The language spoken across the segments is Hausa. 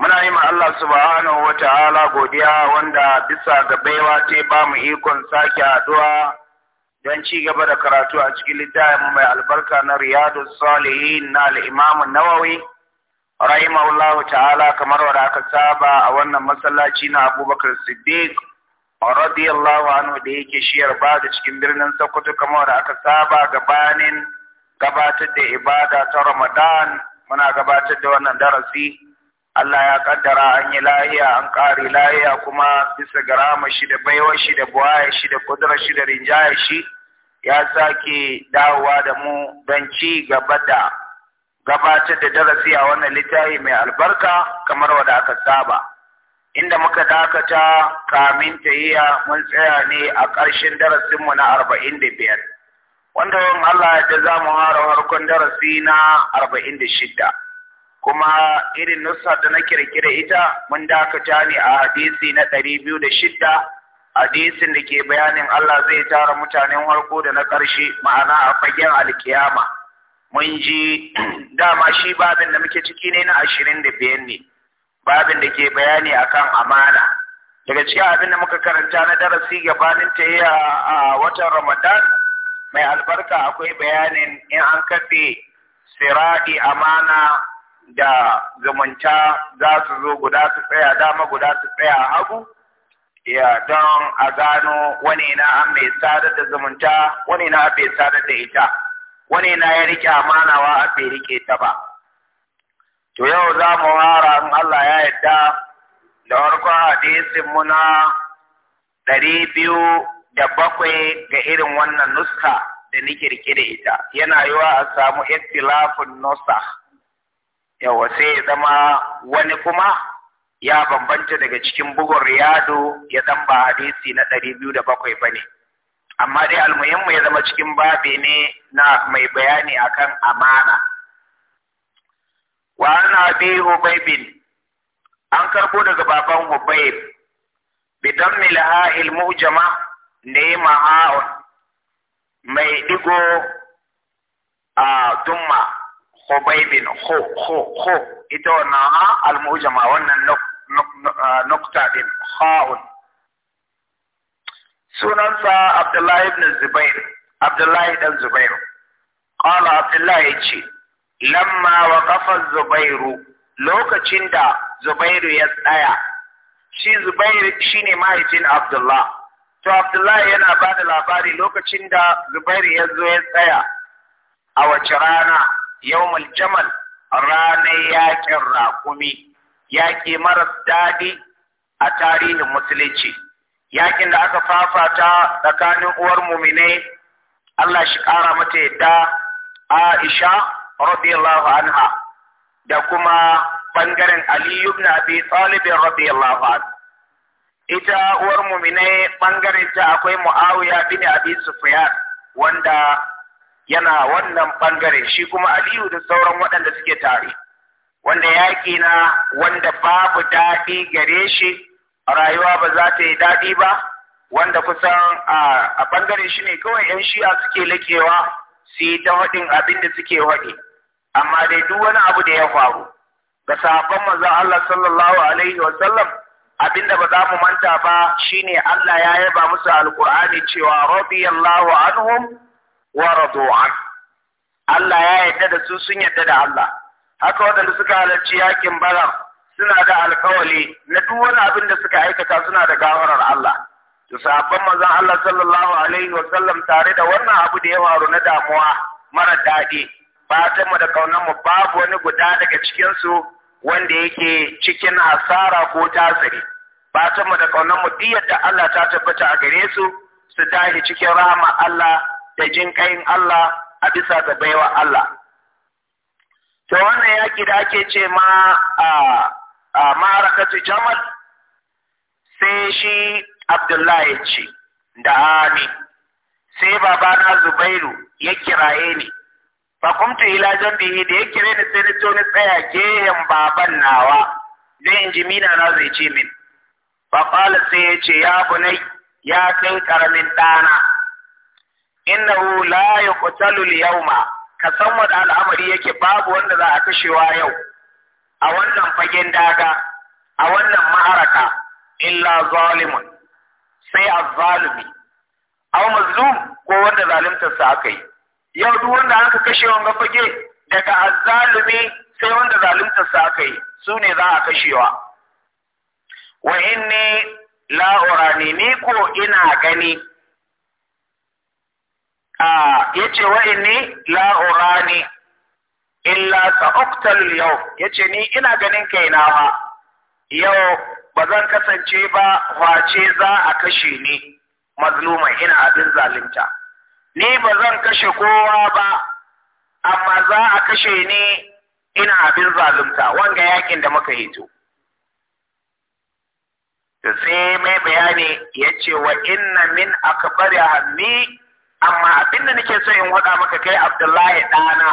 muna yi ma Allah subhanahu wa ta'ala godiya wanda bisa ga baiwa ta ba mu ikon sake haduwa don ci gaba da karatu a cikin littafin mai albarka na riyadu salihin na al'imamu nawawi rahimahullahu ta'ala kamar wadda aka saba a wannan masallaci na abubakar siddiq radiyallahu anhu da yake shiyar ba da cikin birnin sokoto kamar wadda aka saba gabanin gabatar da ibada ta ramadan muna gabatar da wannan darasi Allah ya kaddara an yi lahiya an ƙari lahiya kuma bisa garama shi da baiwar shi da buwaya shi da kudura shi da rinjaya shi ya sake dawowa da mu don ci gaba da gabatar da darasi a wannan littafi mai albarka kamar wadda aka saba inda muka dakata kamin tahiya mun tsaya ne a ƙarshen darasinmu na arba'in da biyar wanda Allah ya za mu hara harkon darasi na arba'in da shidda kuma irin nusa da na kirkira ita mun dakata ne a hadisi na ɗari biyu da shidda hadisin da ke bayanin Allah zai tara mutanen harko da na ƙarshe ma'ana a fagen alkiyama mun ji dama shi babin da muke ciki ne na ashirin da biyar ne babin da ke bayani akan amana daga cikin abin da muka karanta na darasi gabanin ta yi a watan ramadan mai albarka akwai bayanin in an kafe siradi amana da zumunta za su zo guda su tsaya dama guda su tsaya hagu ya don a gano wani na an mai sadar da zumunta wani na bai sadar da ita wani na ya rike amanawa a bai rike ta ba to yau za mu wara in Allah ya yarda da farkon hadisin muna ɗari biyu da bakwai ga irin wannan nuska da nike rike da ita yana yiwa a samu ikhtilafun nusakh yawa sai ya zama wani kuma ya bambanta daga cikin bugun riyadu ya zan ba hadisi na ɗari biyu da bakwai ba ne amma dai almuhimmu ya zama cikin babi ne na mai bayani akan amana wa ana bi hubaibin an karbo daga baban hubaib bidan milha ilmu jama ne ma'a'un mai digo a tumma Hubay bin Ho Ho Ho ita wannan ha al-mujama wannan nukta ah, din ha'un sunansa Abdullahi ibn Zubair Abdullahi dan Zubair ƙala Abdullahi ce. lamma wa ƙafar Zubairu lokacin da Zubairu ya tsaya shi Zubairu shine mahaifin Abdullah to Abdullahi yana ba da labari lokacin da Zubairu ya zo ya tsaya a wace rana Yau jamal ranar yaƙin raƙumi yaƙi maras daɗi a tarihin musulunci yaƙin da aka fafata tsakanin uwar mumine Allah shi ƙara mata yadda Aisha radiyallahu anha da kuma bangaren aliyu na Abi Talib radiyallahu anhu ita uwar mumine bangaren ta akwai Muawiya bin Abi Sufyan wanda yana wannan ɓangare, shi kuma aliyu da sauran waɗanda suke tare wanda yaƙi na wanda babu daɗi gare shi rayuwa ba za ta yi daɗi ba wanda kusan a bangare shi ne kawai 'yan shi'a suke lakewa su yi ta haɗin abin da suke haɗi amma dai duk wani abu da ya faru ga sabon maza Allah sallallahu alaihi wa sallam abinda ba za mu manta ba shine Allah ya yaba musu alqur'ani cewa radiyallahu anhum wa an Allah ya yadda da su sun yadda da Allah haka waɗanda suka halarci yakin Badar suna da alƙawali. na duk wani abin da suka aikata suna da gawarar Allah to sahabban manzon Allah sallallahu alaihi wa sallam tare da wannan abu da ya faru na damuwa mara daɗi ta mu da kaunar mu babu wani guda daga cikin su wanda yake cikin asara ko tasiri ta mu da kaunar mu diyar da Allah ta tabbata a gare su su dahi cikin rahama Allah da jinƙayin Allah a bisa ga baiwa Allah. To wannan yaƙi da ake ce ma a ma'arakatu Jamal sai shi Abdullahi ce da Ami sai babana Zubairu ya kiraye ni. Fakumtu ila jambihi da ya kire ni sai na ni tsaya gehen baban nawa zai in ji mina na zai ce min. Faƙala sai ya ce ya bunai ya kai ƙaramin ɗana innahu la yuqtalu al-yawma ka san wani al'amari yake babu wanda za a kashewa yau a wannan fagen daga a wannan ma'araka illa zalimun sai azzalimi aw mazlum ko wanda zaluntar sa aka yi yau duk wanda aka kashe wanga fage daga az-zalimi sai wanda zaluntar sa aka yi su ne za a kashewa wa inni la urani ni ko ina gani ya ce wa inni la urani illa sa'uktal yau yace ni ina ganin kaina ma yau ba zan kasance ba wace za a kashe ni mazluman ina abin zalunta ni ba zan kashe kowa ba amma za a kashe ni ina abin zalunta wanga yakin da muka hito sai mai bayani ya ce wa inna min akbari hammi amma abin da nake so in waɗa maka kai Abdullahi ɗana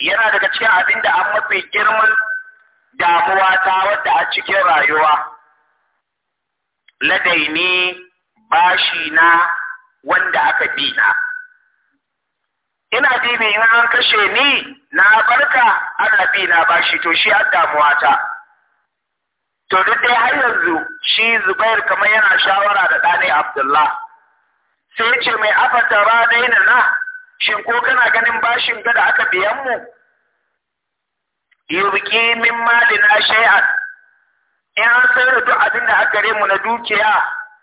yana daga cikin abin da an mafi girman damuwa ta wadda a cikin rayuwa ladaini bashi na wanda aka bi na ina dibi in an kashe ni na barka ana bi na bashi to shi an damuwa ta to duk dai har yanzu shi Zubair kamar yana shawara da ɗane Abdullahi. sai ya ce mai ba daina na shin ko kana ganin bashin gada da aka biyan mu yubki min na shaia in an sayar da duk abin da aka mu na dukiya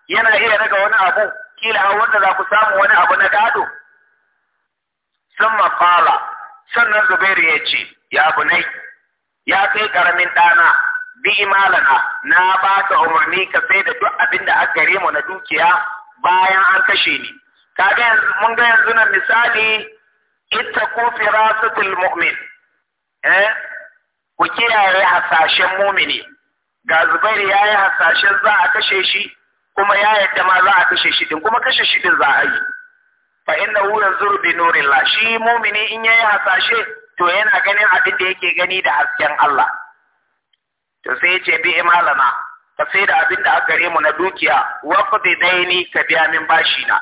yana iya raga wani abu kila har wanda za ku samu wani abu na gado sun mafala sannan zubairu ya ce ya bunai ya kai karamin ɗana bi imalana na ba ka umarni ka sai da duk abin da aka mu na dukiya bayan an kashe ni kaga yanzu mun ga yanzu nan misali ittaqu firasatul mu'min eh ku kiyaye hasashen mumini ga zubairu ya yi hasashen za a kashe shi kuma ya yadda ma za a kashe shi din kuma kashe shi din za a yi fa inna yanzuru bi nurillah shi mumini in yayi hasashe to yana ganin abin da yake gani da hasken Allah to sai ya ce bi imalana ka sai da abin da aka mu na dukiya wa kudi daini ka biya min bashi na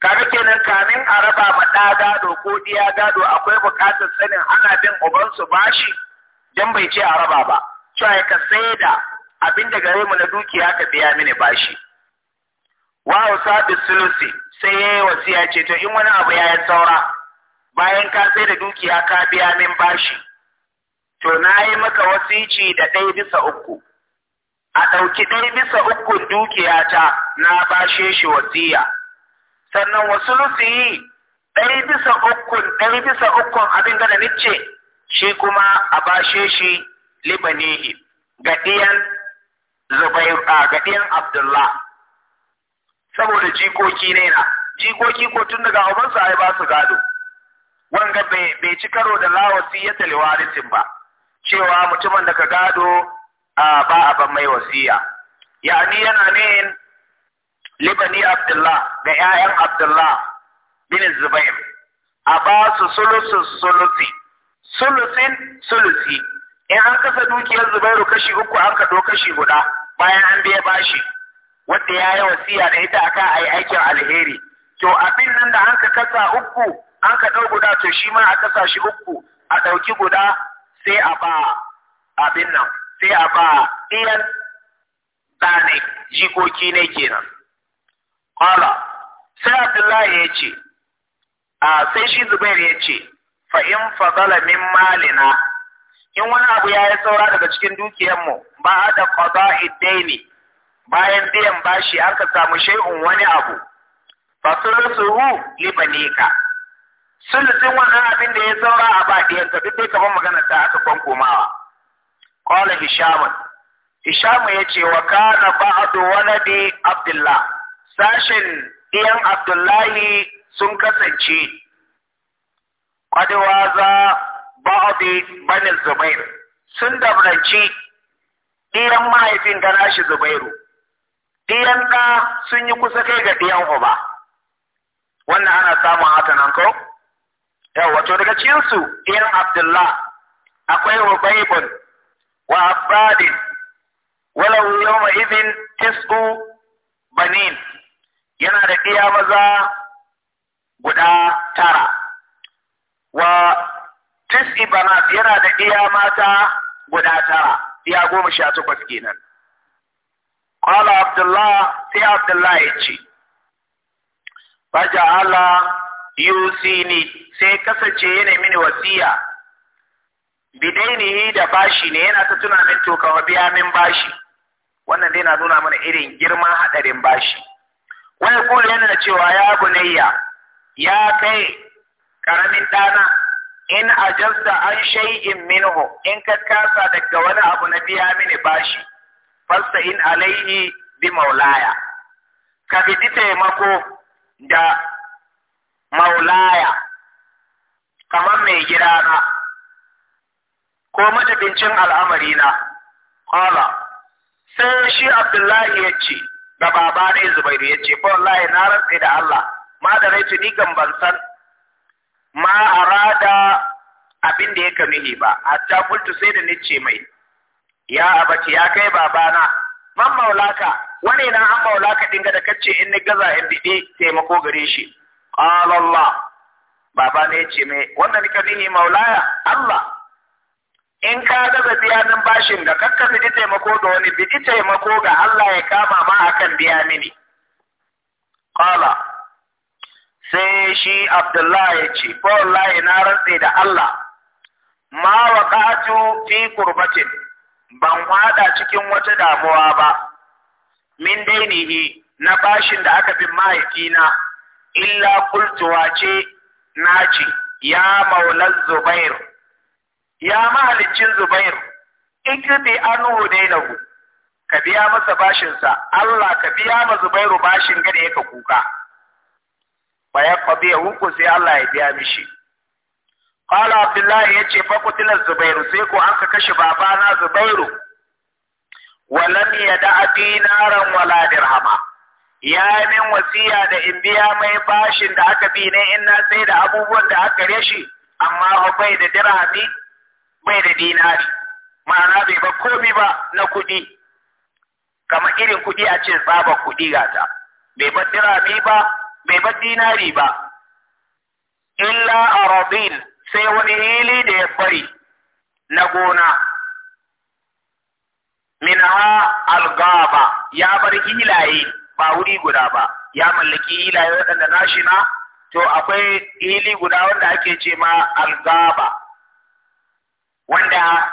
kaga kenan kamin a raba ma ɗa gado ko ɗiya gado akwai buƙatar sanin ana bin ubansu bashi don bai ce a raba ba cewa ka sai da abin da gare mu na dukiya ka biya mini bashi wa usabi sulusi sai yayi wasiya ce to in wani abu ya yi saura bayan ka sai da dukiya ka biya min bashi to na yi maka wasici da ɗaya bisa uku a ɗauki ɗaya bisa ukun dukiyata na bashe shi wasiya sannan wasu yi ɗaya bisa ukun ɗaya bisa ukun abin gana nice shi kuma a bashe shi libanihi ga ɗiyan zubair a ga ɗiyan abdullah saboda jikoki ne na jikoki ko tun daga ubansu ai ba su gado wanga bai ci karo da lawasi ya taliwarisin ba cewa mutumin da ka gado a ba a ban mai wasiya yani yana ne libani abdullah ga 'ya'yan abdullah bin zubair a ba su sulusun sulusi sulusin sulusi in an kasa dukiyar zubairu kashi uku an kaɗo kashi guda bayan an biya bashi wanda ya yi wasiya da ita aka a yi aikin alheri to abin nan da an ka kasa uku an ka guda to shi ma a kasa shi uku a ɗauki guda sai a ba abin nan sai a ba ɗiyan ɗane jikoki ne kenan ƙwala sai abdullahi ya ce a sai shi zubair ya ce fa in fadala min malina in wani abu ya yi saura daga cikin dukiyarmu ba da qada'i daini bayan biyan bashi an ka samu shay'un wani abu fa sulusuhu li banika sulusin wannan abin da ya saura a ba diyan ka duk dai kamar magana ta aka kwankomawa Qala Hisham ya ya wa kana ba'du waladi Abdullah sashin iyan Abdullahi sun kasance kwadewa za ba'adu bani Zubair sun dabranci ɗiyan mahaifin da nashi Zubairu ɗiyan na sun yi kusa kai ga ɗiyan uba wannan ana samun haka nan ko Yau, wato daga cikinsu ɗiyan Abdullah akwai Ubaybun وعباد وله يومئذ تسع بنين yana da ɗiya maza guda tara wa tis'i yana da ɗiya mata guda tara ɗiya goma sha takwas kenan qala abdullah sai abdullah ya ce faja'ala yusini sai kasance yana mini wasiya bidainihi da bashi ne yana ta tunanin to wa biya min bashi wannan dai na nuna mana irin girman hadarin bashi wani kulu yana cewa ya bunayya ya kai karamin dana in ajasta an shay'in minhu in ka kasa daga wani abu na biya mini bashi fasta in alaihi bi maulaya ka bi taimako da maulaya kamar mai gidana ko matabincin al'amari na sai shi abdullahi ya ce da baba ne zubairu ya ce fa na rantsa da Allah ma da rai ni kan ban san ma rada abin da ya kamihi ba hatta kultu sai da ni ce mai ya abaci ya kai babana man maulaka wani na an maulaka dinga da kacce in ni gaza in bide taimako gare shi Allah baba ne ya ce mai wannan kamihi maulaya Allah in ka gaza biyanin bashin ga kakka bi taimako da wani bi taimako ga Allah ya kama ma akan biya mini qala sai shi Abdullahi ya ce wallahi na rantse da Allah ma waqatu fi qurbatin ban wada cikin wata damuwa ba min dainihi na bashin da aka bin mahaifina illa kultuwa ce na ce ya maulan zubair ya mahalicin Zubair ikdi na ku ka biya masa bashinsa Allah ka biya ma Zubairu bashin gada ka kuka ba ya ya hukun sai Allah ya biya mishi qala abdullahi ya fa qutila Zubairu sai ko an ka kashe babana Zubairu walam da dinaran wala dirhama ya min wasiya da in biya mai bashin da aka bi ne in na sai da abubuwan da aka reshi amma bai da dirhami bai da dinari ma'ana bai ba komi ba na kuɗi kamar irin kuɗi a ce tsaba kuɗi gata bai ba dirami ba bai ba dinari ba illa sai wani hili da ya bari na gona minha algaba ya bar hilaye ba wuri guda ba ya mallaki hilaye waɗanda nashi na to akwai hili guda wanda ake ce ma algaba wanda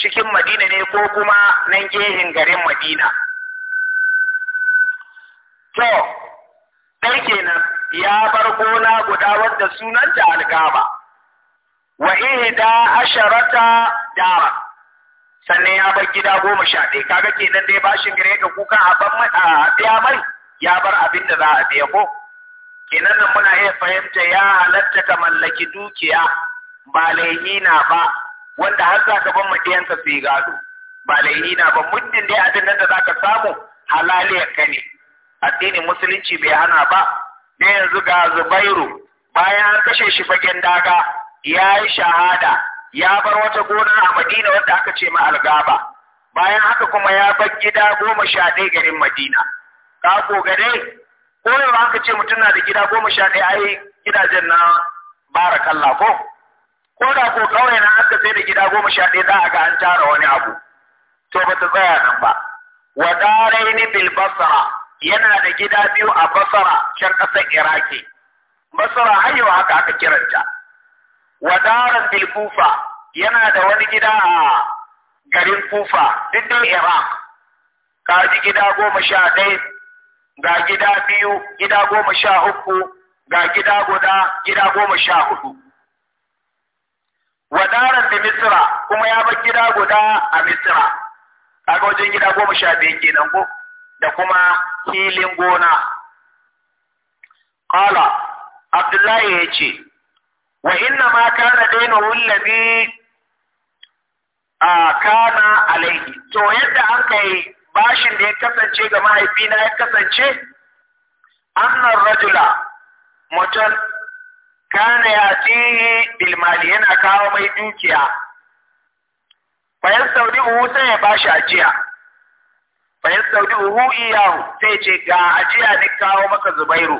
cikin madina ne ko kuma nan gehin garin madina to ɗai kenan ya bar gona guda wadda sunanta algaba wa da asharata dara sannan ya bar gida goma sha ɗaya kaga kenan dai bashin gare ga kuka a ban a biya mai ya bar abin da za a biya ko kenan nan muna iya fahimta ya halatta ka mallaki dukiya ba laihina ba wanda har za ka ban maƙiyanka su yi gado ba laini na ba muddin dai abin nan da za ka samu halaliyar ka ne addinin musulunci bai hana ba da yanzu ga zubairu bayan an kashe shi fagen daga ya yi shahada ya bar wata gona a madina wanda aka ce ma algaba bayan haka kuma ya bar gida goma sha ɗaya garin madina ka ko gare ko yau aka ce mutum na da gida goma sha ɗaya ai gidajen na barakallah ko ko da ko kauye na aka sai da gida goma sha ɗaya za a ga an tara wani abu to ba ta tsaya nan ba wa daraini bil basara yana da gida biyu a basara can ƙasar iraki Basara hayo haka aka kiranta wa daran bil kufa yana da wani gida a garin kufa duk dai iraq ka ji gida goma sha ɗaya ga gida biyu gida goma sha uku ga gida guda gida goma sha hudu wa da misra kuma ya bar gida guda a misra kaga wajen gida goma sha biyu kenan ko da kuma filin gona qala abdullahi ya ce wa inna ma kana daina allazi a kana alaihi to yadda an kai bashin da ya kasance ga mahaifina ya kasance annar rajula mutum kana ya tihi bilmali yana kawo mai dukiya bayan saudi uhu sai ya bashi ajiya bayan saudi uhu iyahu sai ce ga ajiya ni kawo maka zubairu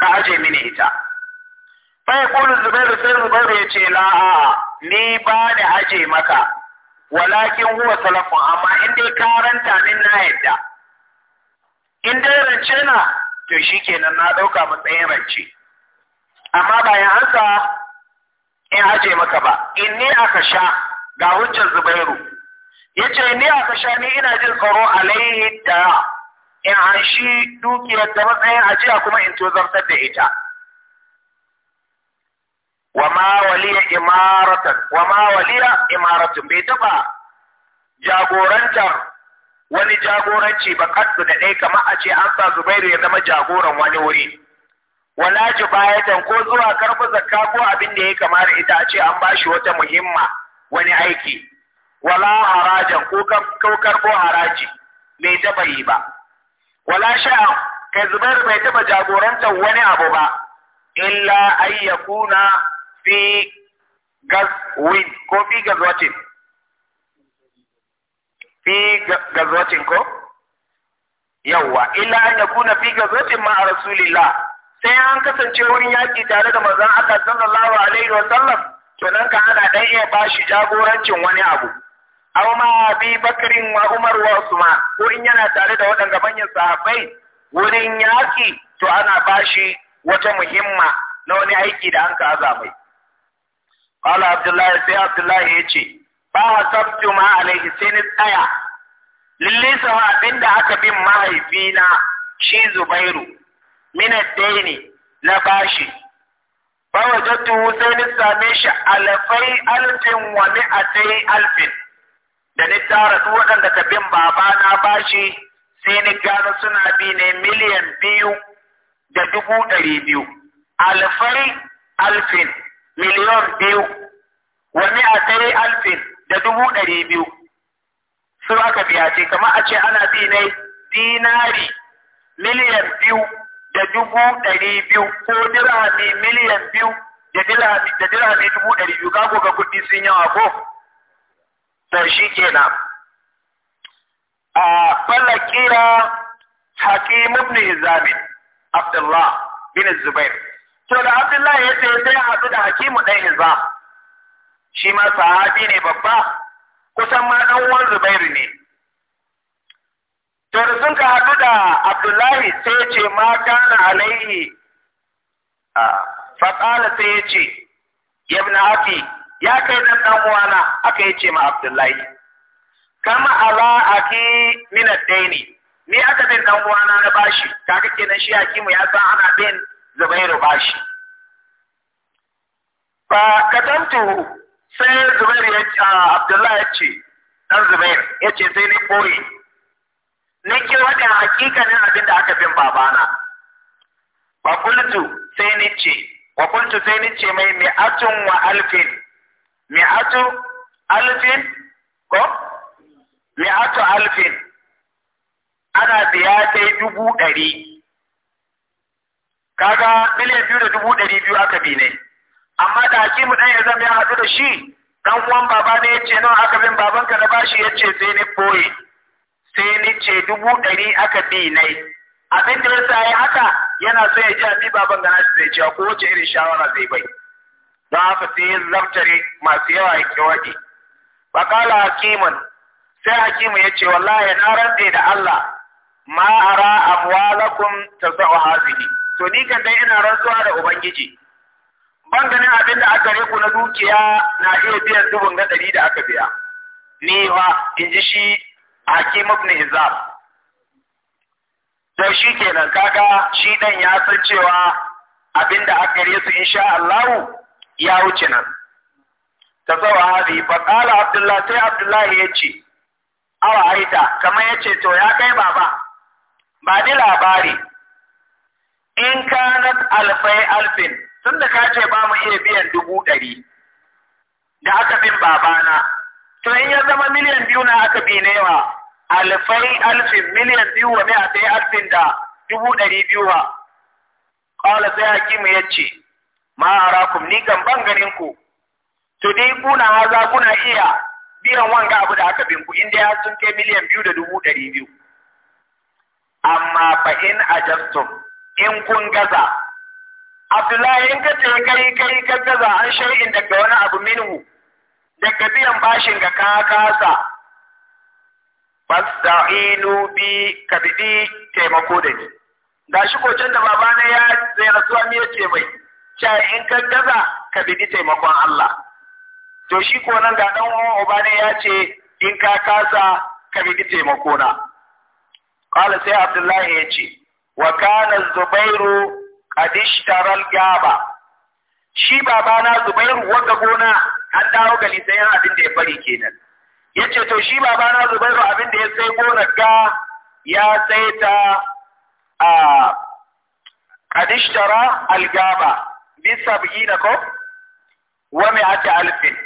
ka aje mini ita bai kulu zubairu sai zubairu ya ce la'a ni ba ni aje maka walakin huwa salafun amma in dai karanta min na yadda in dai rance na to shi shikenan na ɗauka matsayin rance amma ba ya ansa in aje maka ba In ni aka sha ga hujjar zubairu Ya yace ni aka sha ni ina jin tsaro alaihi da in an shi dukiyar da matsayin ajiya kuma in tozartar da ita wama waliya imaratan waliya imaratun bai taba jagorantar wani jagoranci ba kasu da ɗaya kamar a ce an sa zubairu ya zama jagoran wani wuri wala kibayatan ko zuwa karfa zakka ko abin da ya kamar ita a ce an bashi wata muhimma wani aiki wala harajan ko ko karɓo haraji bai taba yi ba wala sha'a kai zubar bai taba jagorantar wani abu ba illa ayyakuna fi gazwin ko fi gazwatin fi gazwatin ko yawwa illa an yakuna fi gazwatin ma rasulillah sai an kasance wurin yaƙi tare da manzon Allah sallallahu alaihi wa sallam to nan ka ana dan iya bashi jagorancin wani abu aw ma bi bakrin wa umar wa usman wurin yana tare da waɗanda manyan sahabbai wurin yaƙi to ana bashi wata muhimma na wani aiki da an ka azamai sai Abdullahi ya ce ba a يجي ma alaihi sai ni tsaya. Lillisa sawa abinda aka bin mahaifina shi Zubairu min ad-daini na bashi fa wajadtu sai ni same shi alfai alfin wa mi'atai alfin da ni tara su waɗanda ka bin baba na bashi sai ni gano suna bi ne miliyan biyu da dubu ɗari biyu alfai alfin miliyan biyu wa mi'atai alfin da dubu ɗari biyu su aka biya ce kamar a ce ana bi ne dinari miliyan biyu da dubu ɗari biyu ko dirhami miliyan biyu da dirhami da dirhami dubu ɗari biyu ka ga kuɗi sun yawa ko to shi kenan a falakira hakim ibn hizamin abdullah bin zubair to da abdullah ya ce sai haɗu da hakimu ɗan hizam shi ma sahabi ne babba kusan ma ɗan uwan zubairu ne to sun ka haɗu da abdullahi sai ya ce ma kana alaihi faƙala sai ya ce ya yabna afi ya kai dan ɗan uwana aka yi ce ma abdullahi kama ala aki min daini ni aka bin ɗan uwana na bashi ke kenan shi hakimu ya san ana bin zubairu bashi fa katamtu sai zubairu ya ce abdullahi ya ce dan zubairu ya ce sai ni boye ni ki wata hakikanin abin da aka bin babana wa kultu sai ni ce wa kultu sai ni ce mai mi'atun wa alfin mi'atu alfin ko mi'atu alfin ana biya sai dubu ɗari kaga miliyan biyu da dubu ɗari biyu aka bi ne amma da hakimu ɗan ya zama ya haɗu da shi ɗan uwan baba ne ya ce nawa aka bin babanka na bashi ya ce sai ni boye sai ni ce dubu ɗari aka bi nai abin da yasa ya haka yana so ya ji abi baban gana shi zai cewa ko wace irin shawara zai bai don haka sai zartare masu yawa ya ba bakala hakiman sai hakimu ya ce wallahi na rantse da Allah ma ara amwalakum tasau hazihi to ni kan dai ina rantsuwa da ubangiji ban ganin abin da aka reku na dukiya na iya biyan dubun ga ɗari da aka biya ni fa in ji shi hakim ibn hizam to shi kenan kaga shi dan ya san cewa abinda aka yi su insha Allah ya wuce nan tasawa hadi fa qala abdullah sai abdullah yace awa aita kamar yace to ya kai baba ba ni labari in kanat alfai alfin tunda ka ce ba mu iya biyan dubu ɗari da aka bin babana to in ya zama miliyan biyu na aka bi nema alfai alfin miliyan biyu wa mai sai alfin da dubu ɗari biyu ba kawai sai hakimu ya ce ma arakum ni kan ban ganin ku to dai kuna haza kuna iya biyan wanga abu da aka binku inda ya sun kai miliyan biyu da dubu ɗari biyu amma fa in ajastum in kun gaza Abdullahi in ka ce kai kai ka gaza an shari'in daga wani abu minhu daga biyan bashin ga ka kasa fasta'inu bi ka taimako da ni ga shi ko da babana ya zai rasuwa me yace mai cewa in ka gaza ka bidi taimakon Allah to shi ko nan ga dan uwan ya ce in ka kasa ka bidi taimako na qala sai abdullahi ya ce wa kana zubairu qad ishtara al-gaba shi babana zubairu wanda gona an dawo gari sai yan abin da ya bari kenan yace to shi babana Zubairu abin da ya sai gonar ga ya sai ta a kadishtara algaba bi sab'ina ko wa mi'ati alfin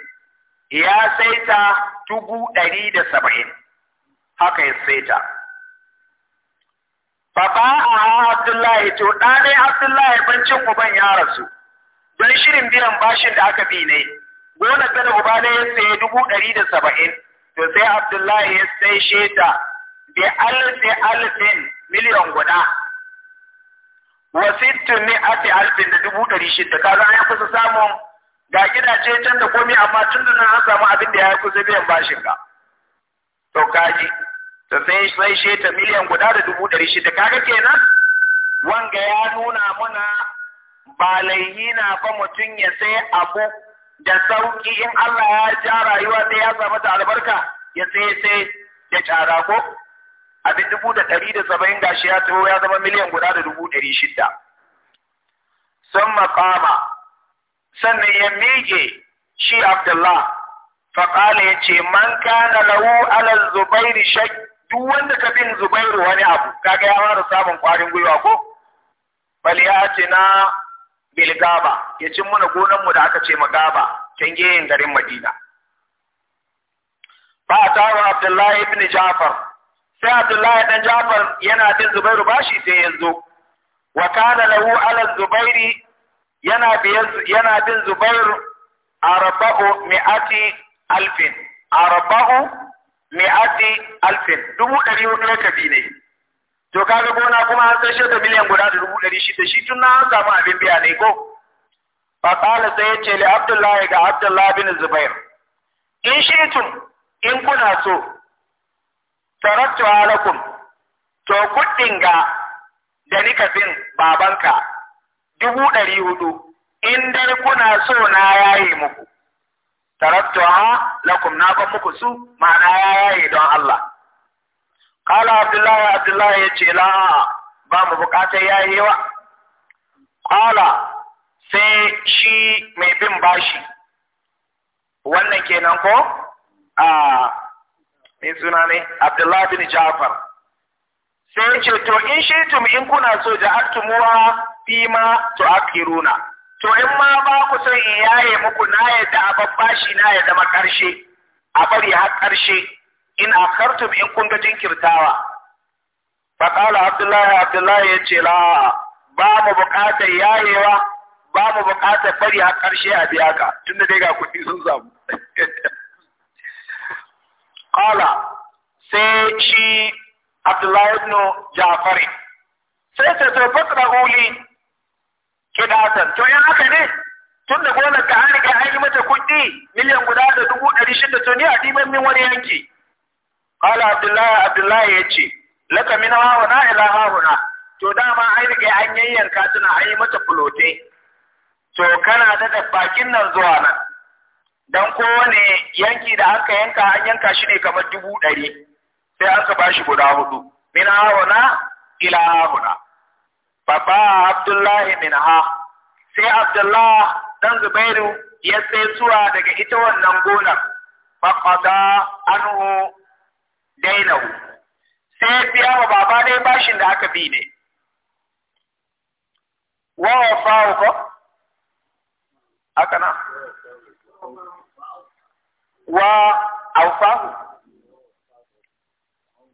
ya sai ta dubu ɗari da saba'in haka ya sai ta Baba a Abdullahi to ɗanai Abdullahi bancin kuban ya rasu don shirin biyan bashin da aka bi ne. gonar da uba ne ya saye dubu ɗari da saba'in to sai abdullahi ya sai sheta bi alfi alfin miliyan guda wa a mi'ati alfin da dubu ɗari shida kaga an ya kusa samun ga gidaje can da komai amma tun da nan an samu abin da ya kusa biyan bashin ka to kaji to sai sai sheta miliyan guda da dubu ɗari shida kaga kenan wanga ya nuna muna ba laihi na ba mutum ya sai abu da sauki in Allah ya ja rayuwa sai ya samu ta albarka ya sai sai ya tsara ko bi dubu da ɗari da saba'in gashi ya tuwo ya zama miliyan guda da dubu ɗari shida sun maƙama, sannan ya miƙe shi abdullah faƙala ya ce man kana lahu ala zubairu shak duk wanda ka bin zubairu wani abu kaga ya fara samun ƙwarin gwiwa ko Bali ya ce na Bilgaba ya cin mana gonanmu da aka ce magaba can gehen garin Madina ba a tawo Abdullahi ibn Ja'far sai Abdullahi dan Ja'far yana bin Zubairu bashi sai ya zo wa kana lahu ala Zubairi yana yana bin Zubairu arba'u mi'ati alfin arba'u mi'ati alfin dubu ɗari hudu ne to kaga gona kuma an sai da miliyan guda da dubu ɗari shida shi tun na an samu abin biya ne ko fa qala sai ya ce li abdullahi ga abdullahi bin zubair in tun, in kuna so taraktu alakum to kuɗin ga da nika bin babanka dubu ɗari hudu in dai kuna so na yaye muku taraktu ha lakum na ba muku su ma'ana ya yaye don Allah Kala Abdullahi Abdullahi ya ce la ba mu bukatar wa? Kala sai shi mai bin bashi. Wannan kenan ko? A mai suna ne Abdullahi bin Jafar. Sai ya ce to in shaitum in kuna so ja'altumuwa fi ma to tu'akhiruna. To in ma ba ku son in yaye muku na yadda a babbashi na yadda ma ƙarshe, a bari har ƙarshe. in akhartum in kun ga jinkirtawa fa qala abdullahi abdullahi ce la ba mu bukata yayewa ba mu bukata fari a karshe a biya ka da dai ga kudi sun samu qala sai shi abdullahi ibn ja'fari sai sai sai fakra uli kidatan to in haka ne Tun da gonar ka an riga an yi mata kuɗi miliyan guda da dubu ɗari shida to ni a ɗiban min wani yanki qala abdullahi abdullahi yace laka min hauna ila hauna to dama ai rike an yayyanka suna an yi mata fulote to kana da bakin nan zuwa nan dan kowane yanki da aka yanka an yanka shi ne kamar dubu ɗari sai aka ba shi guda hudu min hauna ila hauna baba abdullahi min ha sai abdullahi dan zubairu ya sai suwa daga ita wannan gonar faqada anhu dainahu sai ya biya wa baba dai bashin da aka bi ne wa fawo ko haka wa aufahu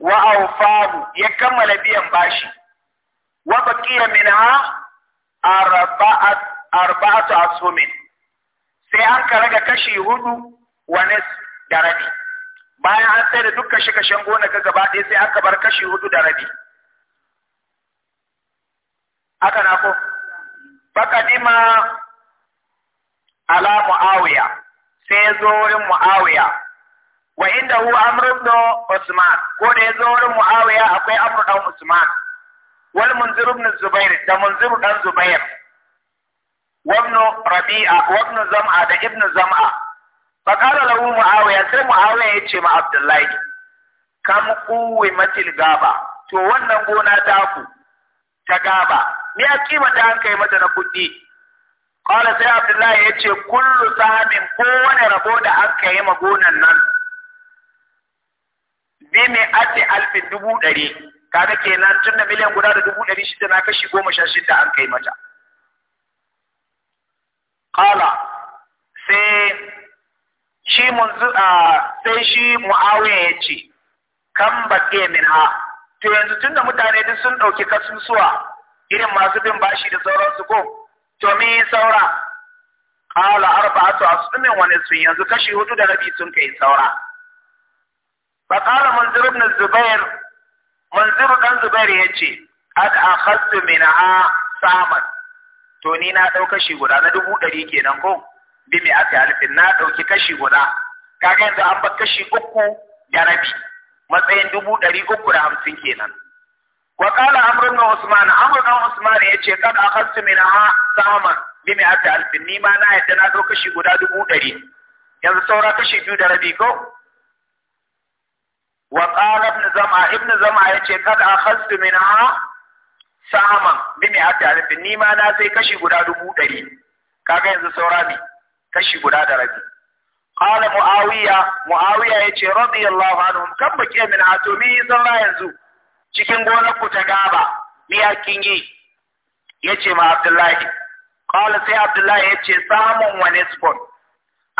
wa aufahu ya kammala biyan bashi wa baqiya minha arba'at arba'atu asumin sai an ka kashi hudu wa nas da rabi bayan an sai da duk kashe-kashen ga gaba ɗaya sai aka bar kashi hudu da rabi aka na ko fakadima ala muawiya sai ya zo wurin muawiya wa inda hu amrun usman ko da ya zo wurin muawiya akwai amru dan usman wal munzir ibn zubair da mun dan zubair wa ibn rabi'a wa ibn zam'a da ibn zam'a faƙara lahu mu'awiya sai mu'awiya ya ce ma abdullahi kam kuwe matil gaba to wannan gona ta ku ta gaba me ya kima da an mata na kuɗi kala sai abdullahi ya ce kullu sahamin kowane rabo da an yi ma gonan nan bi mai ati alfin dubu ɗari kaga kenan tun da miliyan guda da dubu ɗari shida na kashi goma sha shida an kai mata kala sai shi munzu sai shi mu'awiya ya ce kan baƙe min ha to yanzu tun da mutane duk sun ɗauki kasusuwa irin masu bin bashi da sauransu ko to me saura qala arba'atu asmin wani sun yanzu kashi hudu da rabi sun kai saura fa qala munzir ibn zubair munzir dan zubair yace ad akhadtu ha saman to ni na ɗau kashi guda na dubu ɗari kenan ko bi mai aka alifin na ɗauki kashi guda Ka ga yanzu an bar kashi uku da rabi matsayin dubu ɗari uku da hamsin kenan wa qala amr ibn usman amr ibn usman a kad akhadtu ha saman bi mai aka alifin ni ma na yadda na ɗauki kashi guda dubu ɗari yanzu saura kashi biyu da rabi ko wa qala ibn zam'a ibn zam'a a kad akhadtu ha saman bi mai aka alifin ni ma na sai kashi guda dubu ɗari kaga yanzu saura ne kashi guda da rabi Kala muawiya muawiya yace radiyallahu anhum kan bake min atomi zalla yanzu cikin gonar ku ta gaba kin yi ya ce ma abdullahi Kala sai abdullahi ya ce samun wani spon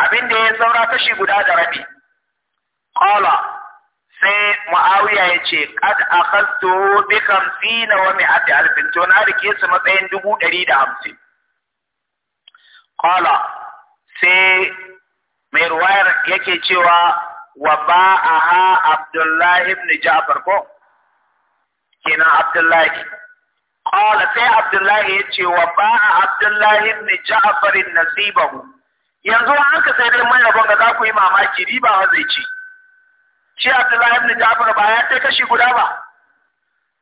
abin da ya saura kashi guda da rabi Kala sai muawiya ce, kad kasto bi 50 wa mi'ati alfin to na rike su matsayin dubu ɗari da hamsin Kala sai mai ruwayar yake cewa wa ba a ha Abdullahi ibn Ja'far ko kenan Abdullahi qala sai Abdullahi yace wa ba a Abdullahi ibn Ja'far nasibahu yanzu an ka sai dai mun rabon ga za ku yi mamaki riba wa zai ci shi Abdullahi ibn Ja'far ba ya sai kashi guda ba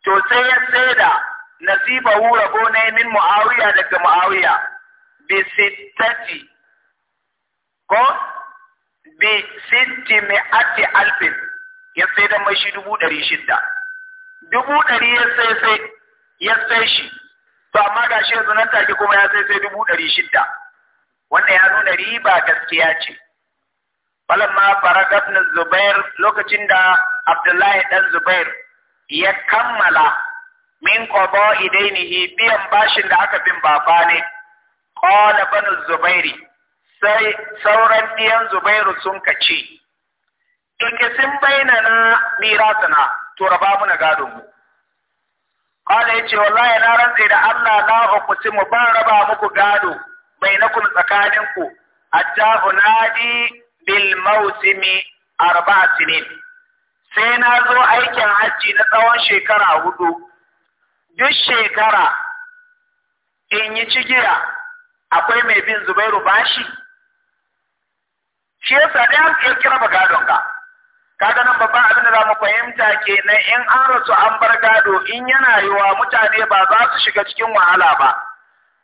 to sai ya sai da nasibahu rabo ne min Muawiya daga Muawiya bi sittati ko bi mi mi'ati alfin ya sai da mai shi dubu ɗari shidda dubu ɗari ya sai sai ya sai shi to amma ga shi yanzu nan take kuma ya sai sai dubu ɗari shidda wanda ya nuna riba gaskiya ce falamma faraga ibn zubair lokacin da abdullahi dan zubair ya kammala min qada idainihi biyan bashin da aka bin baba ne qala banu zubairi sai sauran ɗiyan zubairu sun kaci na bainana mirasana to raba muna gadon mu ya ce, wallahi na rantse da Allah na la mu ban raba muku gado bai na bainakum tsakaninku na unadi bil mausimi arba'a sinin sai na zo aikin hajji na tsawon shekara hudu duk shekara in yi cigiya akwai mai bin zubairu bashi shi yasa dai har kira ba gadon ka kaga nan babban abin da zamu fahimta kenan in an rasu an bar gado in yana yiwa mutane ba za su shiga cikin wahala ba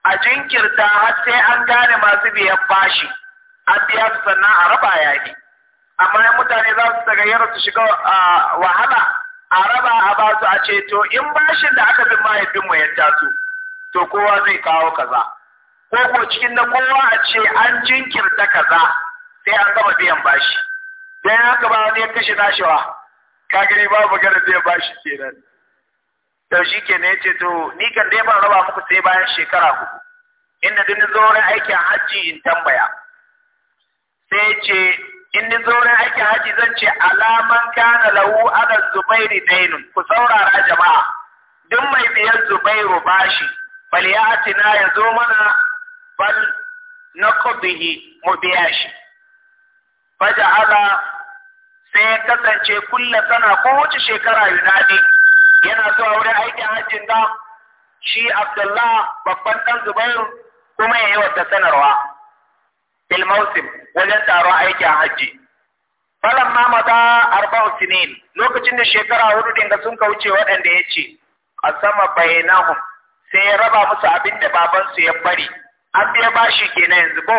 a jinkirta har sai an gane masu biyan bashi an biya su sannan a raba yaƙi amma in mutane za su yara su shiga wahala a raba a ba su a ce to in bashin da aka bin mahaifinmu ya taso to kowa zai kawo kaza ko ko cikin na kowa a ce an jinkirta kaza sai an gama biyan bashi dan haka ba wani ya kashe nashawa ka gani babu magana biyan bashi kenan to shi kenan ya ce to ni kan dai ban raba muku sai bayan shekara huɗu inda duk zo wurin aikin hajji in tambaya sai ce in ni zo aikin hajji zan ce alaman kana lahu ala zubairi dainun ku saurara jama'a duk mai biyan zubairu bashi bal ya atina ya zo mana bal na mu biya shi faja'ala sai ya kasance kulla sana ko wace shekara yunadi yana zuwa wurin aikin hajjin da shi Abdullah babban ɗan Zubairu kuma yayi wata sanarwa bil mausim wajen taron aikin hajji falan ma mata arba'u sinin lokacin da shekara hudu din da sun kauce waɗanda ya ce sama bainahum sai ya raba musu abin da babansu ya bari an biya bashi kenan yanzu ko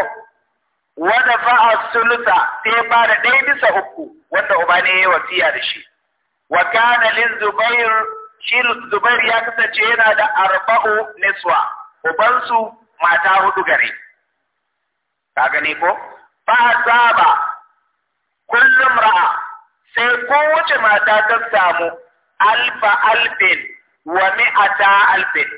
wanda fa'a sulusa sai ba da ɗaya bisa uku wanda uba ne ya wasiya da shi wa kana lin zubair shi zubair ya kasance yana da arba'u niswa ubansu mata hudu gare ka gani ko saba kullum ra'a sai kowace mata ta samu alfa alfin wa mi'ata alfin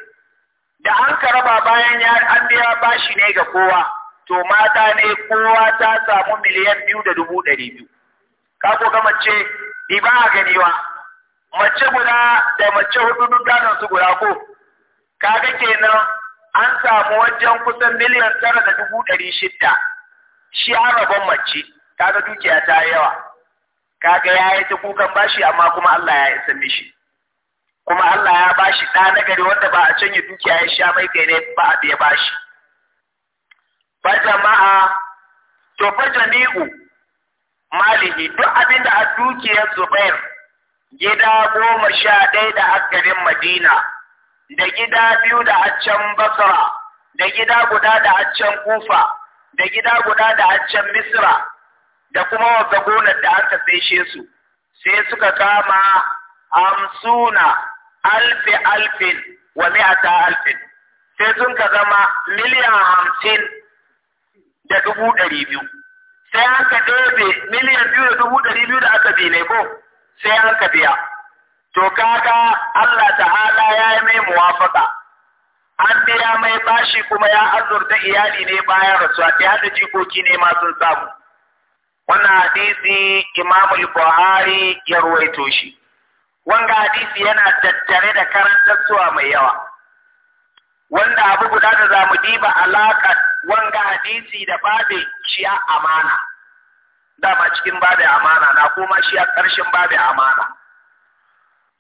da an karaba bayan ya an biya bashi ne ga kowa to mata ne kowa ta samu miliyan biyu da dubu ɗari biyu ka ko ga mace ni ba a ganiwa mace guda da mace hudu duk ganin su guda ko Ka ga kenan an samu wajen kusan miliyan tara da dubu ɗari shidda shi an rabon mace kaga dukiya ta yawa ga ya yi ta kukan bashi amma kuma Allah ya isa mishi kuma Allah ya bashi ɗa na gari wanda ba a canye dukiya ya sha mai gane ba a biya bashi fa ma'a, to fa jami'u malihi duk abin da a dukiyar Zubair gida goma sha ɗaya da akarin Madina da gida biyu da accan Basra da gida guda da accan Kufa da gida guda da accan Misra da kuma wata gonar da aka saishe su sai suka kama hamsuna alfi alfin wa mi'ata alfin sai sun ka zama miliyan hamsin da dubu ɗari biyu sai aka ɗebe miliyan biyu da dubu ɗari biyu da aka bine ko sai aka biya to kaga Allah ta'ala ya yi mai muwafaka an biya mai bashi kuma ya azurta iyali ne bayan rasuwa ta da jikoki ne ma sun samu wannan hadisi Imam Buhari ya ruwaito shi wanga hadisi yana tattare da karantarsuwa mai yawa wanda abu guda da zamu diba alaƙar wanga hadisi da babe shi amana dama cikin babe amana na kuma shi a ƙarshen babe amana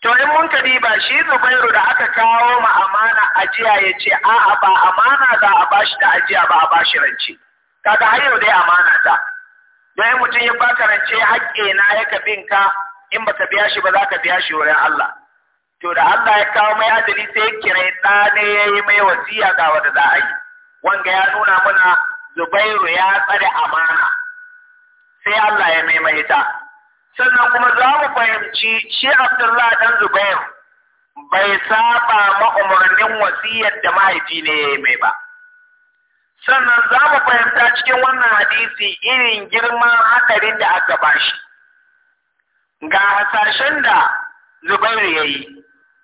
to in mun kadi ba shi zubairu da aka kawo ma amana ajiya ya ce a'a ba amana za a bashi da ajiya ba a bashi rance kaga har yau dai amana ta dai mutum ya baka rance haƙƙe na ya ka bin ka in baka biya shi ba za ka biya shi wurin Allah to da Allah ya kawo mai adali sai kirai da ne yayi yi mai wasiya ga wanda za a yi wanda ya nuna mana Zubairu ya tsare amana sai Allah ya maimaita sannan kuma za mu fahimci shi Abdullah dan Zubairu bai saba ma umarnin wasiyar da mahaifi ne ya yi mai ba sannan za mu fahimta cikin wannan hadisi irin girman hadarin da aka bashi ga hasashen da Zubairu ya yi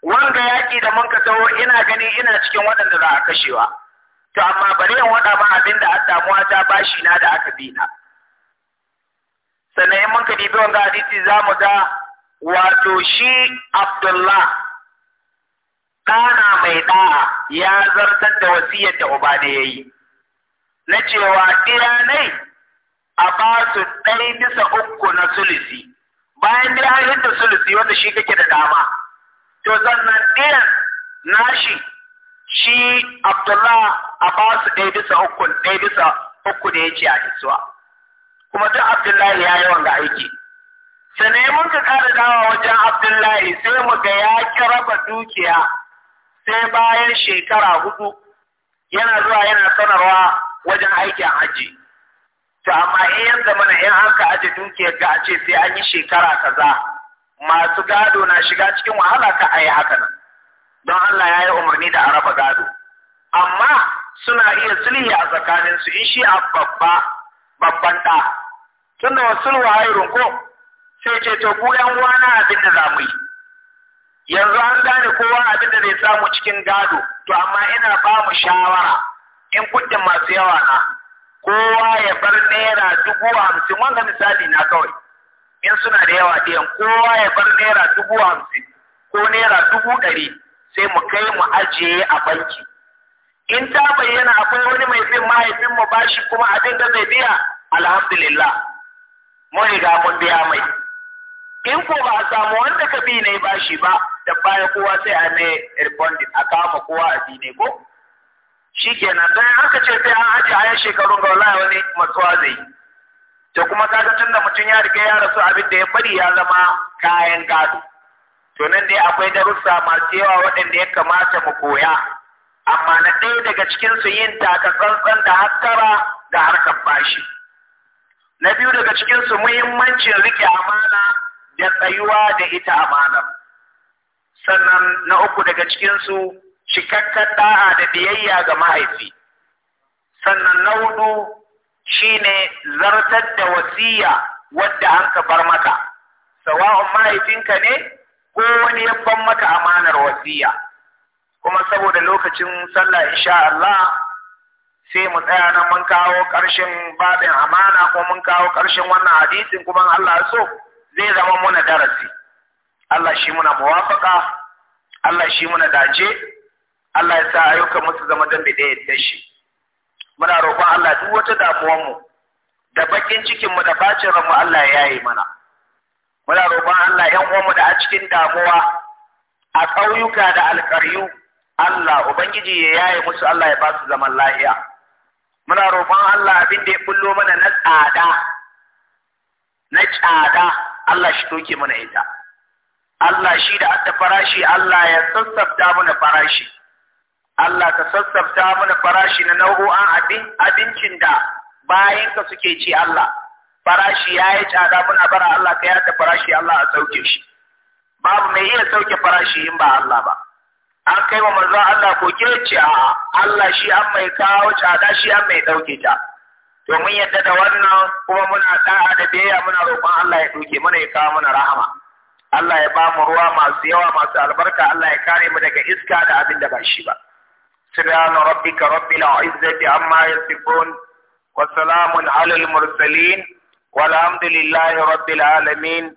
wanga yaƙi da mun ka taho ina gani ina cikin waɗanda za a kashewa to amma bari in waɗa ma abin da an damuwa ta bashi na da aka bi na sannan mun ka dibi wanga hadisi za mu ga wato shi abdullah ɗana mai ɗa'a ya zartar da wasiyar da uba da ya yi na cewa ɗiranai a ba su bisa uku na sulisi bayan dai an hinta sulisi wanda shi kake da dama to sannan ɗiyan nashi shi abdullah a ba su ɗaya bisa uku ɗaya bisa uku da ya ce a hisuwa kuma duk abdullahi ya yi wanga aiki sane mun ka kara dawa wajen abdullahi sai mu ga ya ki raba dukiya sai bayan shekara hudu yana zuwa yana sanarwa wajen aikin aji. to amma in yan na in an ka aje dukiyar ga a ce sai an yi shekara kaza masu gado na shiga cikin wahala ka a yi haka nan don Allah ya yi umarni da a raba gado amma suna iya sulhi a tsakaninsu in shi a babba babban ɗa tun da wasu ruwa ko sai ce to ku yan uwana abin da za mu yi yanzu an gane kowa abin da zai samu cikin gado to amma ina ba mu shawara in kuɗin masu yawa na kowa ya bar naira dubu hamsin wanda misali na kawai in suna da yawa ɗayan kowa ya bar naira dubu hamsin ko naira dubu ɗari sai mu kai mu ajiye a banki in ta bayyana akwai wani mai bin mahaifin mu bashi kuma abin da zai biya alhamdulillah mun riga mun biya mai in ko ba a samu wanda ka bi ne bashi ba da baya kowa sai a mai irbondin a kama kowa a bi ne ko don dan haka ce sai an haji a shekarun ga wala wani matsuwa zai to kuma ga tunda mutum ya riga ya rasu abin da ya bari ya zama kayan gado to nan dai akwai darussa masu yawa waɗanda ya kamata mu koya amma na ɗaya daga cikinsu yin taka tsantsan da hattara da harkar bashi na biyu daga cikinsu muhimmancin riƙe amana da tsayuwa da ita amana sannan na uku daga cikinsu cikakken ɗa'a da biyayya ga mahaifi sannan na hudu shine zartar da wasiya wadda an ka bar maka sawa'un mahaifinka ne ko wani ya ban maka amanar wasiya kuma saboda lokacin sallah insha Allah sai mu tsaya nan mun kawo ƙarshen babin amana ko mun kawo ƙarshen wannan hadisin kuma Allah so zai zama muna darasi Allah shi muna muwafaka Allah shi muna dace Allah ya sa ayyuka musu zama dan da yadda shi muna roƙon Allah duk wata damuwar mu da bakin cikin mu da bacin ranmu Allah ya yi mana muna roƙon Allah 'yan uwanmu da a cikin damuwa a ƙauyuka da alƙaryu Allah ubangiji ya yaye musu Allah ya ba su zaman lafiya muna roƙon Allah abin da ya kullo mana na tsada na tsada Allah shi doke mana ita Allah shi da adda farashi Allah ya sassafta mana farashi Allah ka sassafta mana farashi na nau'o'an abin abincin da bayanka suke ci Allah farashi ya yi tsada muna bara Allah ka yata farashi Allah a sauke shi babu mai iya sauke farashi in ba Allah ba an kai wa manzo Allah ko ce a Allah shi an mai kawo tsada shi an mai ɗauke ta to mun yadda da wannan kuma muna da'a da biyayya muna roƙon Allah ya ɗauke mana ya kawo mana rahama Allah ya ba mu ruwa masu yawa masu albarka Allah ya kare mu daga iska da abin da ba shi ba سبحان ربك رب العزة عما يصفون وسلام على المرسلين والحمد لله رب alamin.